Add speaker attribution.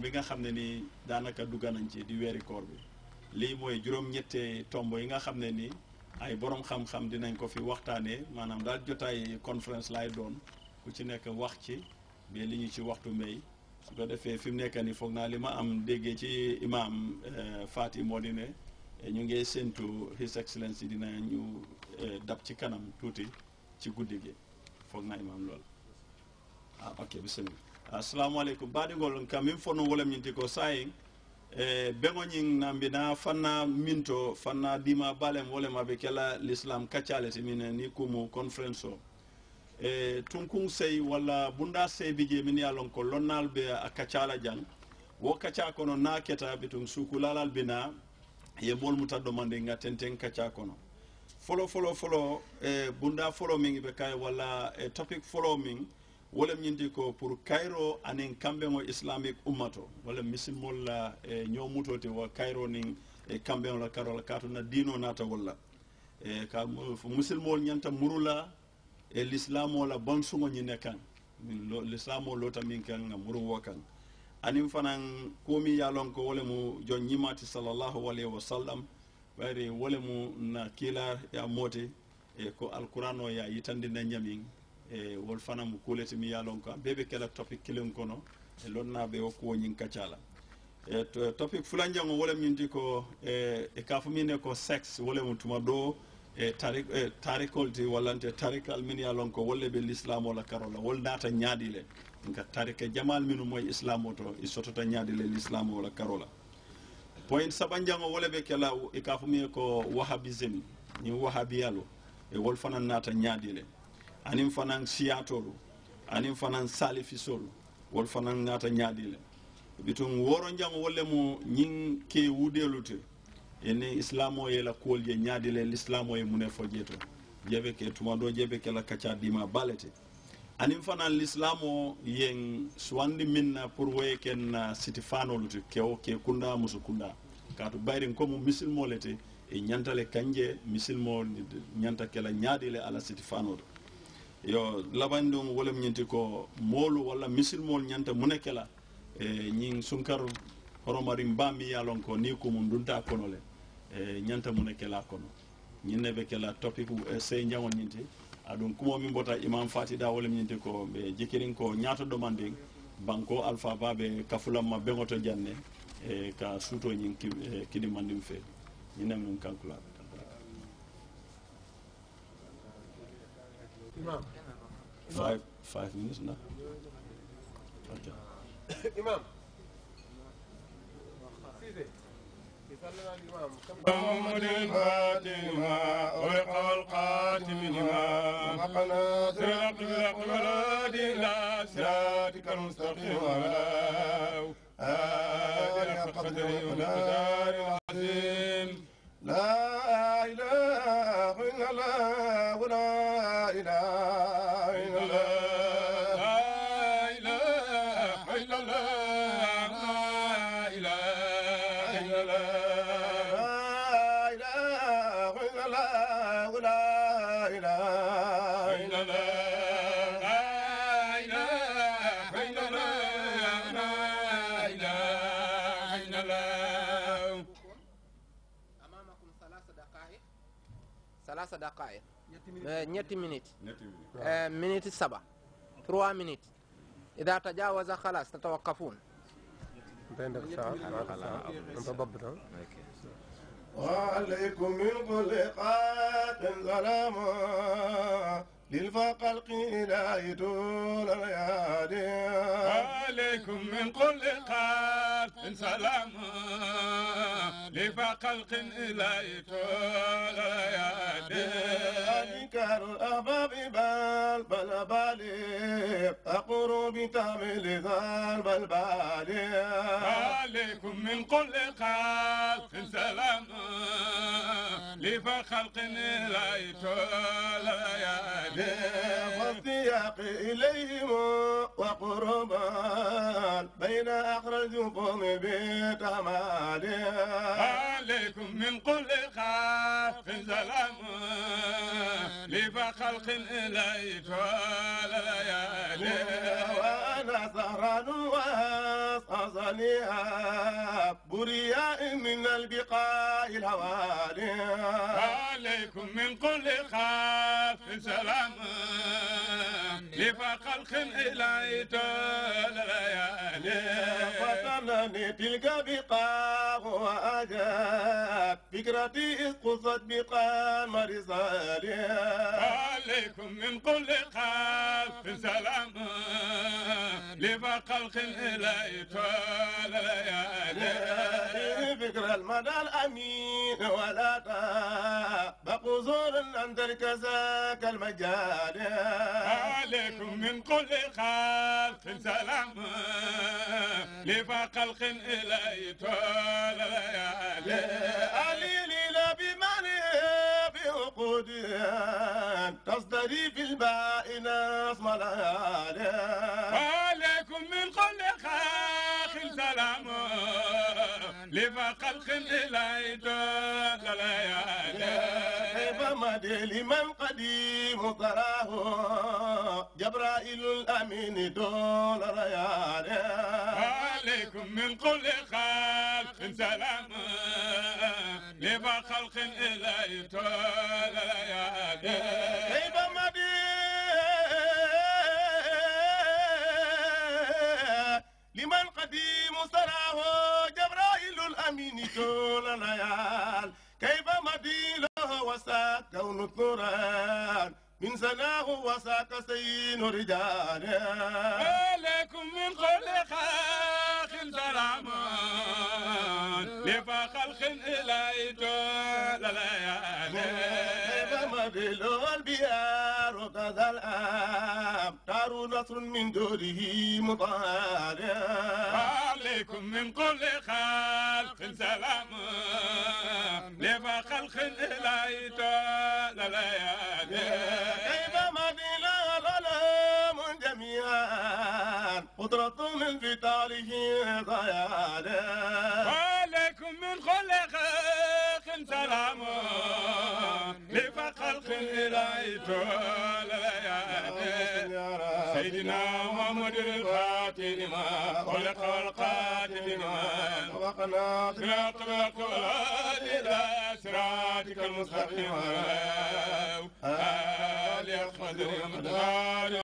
Speaker 1: bi nga xam ne ni daanaka dugg nañ ci di weeri koor bi lii mooy juróom-ñette tomb yi nga xam ne ni ay borom xam-xam dinañ ko fi waxtaanee maanaam daal jotaay conférence lay doon ku ci nekk wax ci mais li ñu ci waxtu may su ko defee fi mu nekk ni foog naa li ma am déggee ci imaam euh, Fati moo di ne ñu ngi séntu His Excellency dina ñu euh, dab ci kanam tuuti ci guddi gi foog naa imaam lool ah ok assalamu alaikum baɗigol kamin fono wolem ñinti ko sayin e beŋoñin nambina fanna minto fanna dima balem wolema aɓe kela l'islam kaccale simine ni kumu conference o e tunkun sey walla bunda seybi je min ya lon ko lonnal be a kaccala jang wo kacca kono na keta ɓe tun sukulalal bina ye mol mutadɗo mande ga tenten kacca kono folo folo folo e bunda folo min ɓe kay walla e topic folo min wolem ñindi ko pour kayro anin kambeŋo islamique ummato wala misimol la e eh, ñoomuto te wa cairo nin e eh, kambeŋo la karola na diino naata wolla e eh, ka musilmol ñanta murula e l'islamo la bansuŋo ñine kaŋ lo, l'islamo lota min kaŋ ŋa wo kaŋ anin fanaŋ komi ye lon ko wole mu jon ñimati salallahu alayhi wa sallam bayri wole mu na kilar ya moti e ko alqur'an o ya yitandina ñami wol fana mo kuulete mi yaalon ko bebe kala topic kelen kono e be o kuwoñin kaccala e topic fulanjango wole minti ko e e kafumine ko sexe wole mo tuma ɗo e tarik e di walante tarikal min yaalon ko wolle be l'islam wala karola wol naata ñaaɗile nka tarike jamal minu moy islam oto isoto ta sotota ñaaɗile l'islam wala karola point saɓanjango wole ɓe kela e mi ko wahabisme ni wahabiyalo e eh, wol fana naata ñaaɗile anin fanan siyatolu anin fanan salifisolu wol fanan ŋata ñaadile bitun woro jang wolle mo ñin ke wudelute ene islamo ye la kuwol je ñaadile l'islamo ye mune fo jeto jebe ke tuma do jebe ke la kacca dima balete anin fanan l'islamo yen suwandi min na pour woye ken na siti fanolute kewo ke kunda musu kunda kaatu bayrin komu misilmo lete e ñantale kanje misilmo ñanta ke la ñaadile ala siti fanoto yo labandiŋo wo lem ñinti ko moolu walla misil ñanta nyanta ne e ñiŋ sunkar horomariŋ baa mi ye ni ko niŋ dunta kono le e ñanta munekela kono ñiŋ ne kela ke la topiku e, seyinjaŋo ñinti aduŋ kumo miŋ imam fatida wo lem ñinti ko be jikiriŋ ko ñaato domandiŋ banko alfa ba be kafulanma beŋo to e ka suto ñiŋ e, kidimandiŋ fee ñiŋ ne kankula
Speaker 2: Imam. Five, five minutes now.
Speaker 1: Okay.
Speaker 2: Imam. محمد الفاتمة أرق القاتم لما مقنا سرق الأقبلات إلى سراتك المستقيم ولو آل قدر والقدار العظيم لا إله إلا الله la la
Speaker 1: ثلاث دقائق نيت آه، مينيت مينيت آه، سبع تروى مينيت إذا تجاوز خلاص تتوقفون
Speaker 2: بندق وعليكم من ظلقات ظلامات للفاق القيل يدور الأيادي
Speaker 3: عليكم من كل قات سلام لفقر قيل يدور الأيادي
Speaker 2: انكار الأباب بل بل بالي أقر بتعمل ذال بل
Speaker 3: عليكم
Speaker 2: من كل قات سلام لفخلق
Speaker 3: لا يتولى والسياق
Speaker 2: إليهم وقربان بين أخرجكم بكمال عليكم من كل خاف
Speaker 3: زلام لفخلق إليك والليالي
Speaker 2: عليها برياء من البقاء الهواليها عليكم من كل خاف سلام وخلق إليت الليالي فطنني تلك بقاع وأجاب فكرتي قصت بقمر زالي عليكم من كل خلف سلام لفخلق إليت
Speaker 3: الليالي
Speaker 2: فكر المدى الأمين ولا تاب مقصور عند الكساك المجال عليكم من كل خلق سلام لفاق
Speaker 3: الخن إليتو الليالي
Speaker 2: أليلي لا بمعنى وقود تصدري في الباء ناس ملالي
Speaker 3: عليكم من كل خلق سلام
Speaker 2: لفقد خل لا يدود كيف مدي لمن قديم تراه جبرائيل الأمين دول رياله عليكم من كل خلق سلام
Speaker 3: لفقد خل لا يدود كيف
Speaker 2: مدي لمن قديم تراه الأمين طول الليال كيف مديله وساك كون الثران من سناه وساك سين رجال
Speaker 3: لكم من كل خاخ سلامان لفاخ الخن إلى طول الليال
Speaker 2: كيف مديله البيار وكذا الآب دار نصر من دوره مطهر عليكم من كل خلق سلام لما خلق لا يا كيف ما بلا من جميعا قدرة من في تعليه ضيالي عليكم من كل خلق سلام
Speaker 3: خلق إليت ليالي سيدنا محمد الفاتن ما خلق القاتل ما وقنا خلق إلى صراطك المستقيم آل يا خضر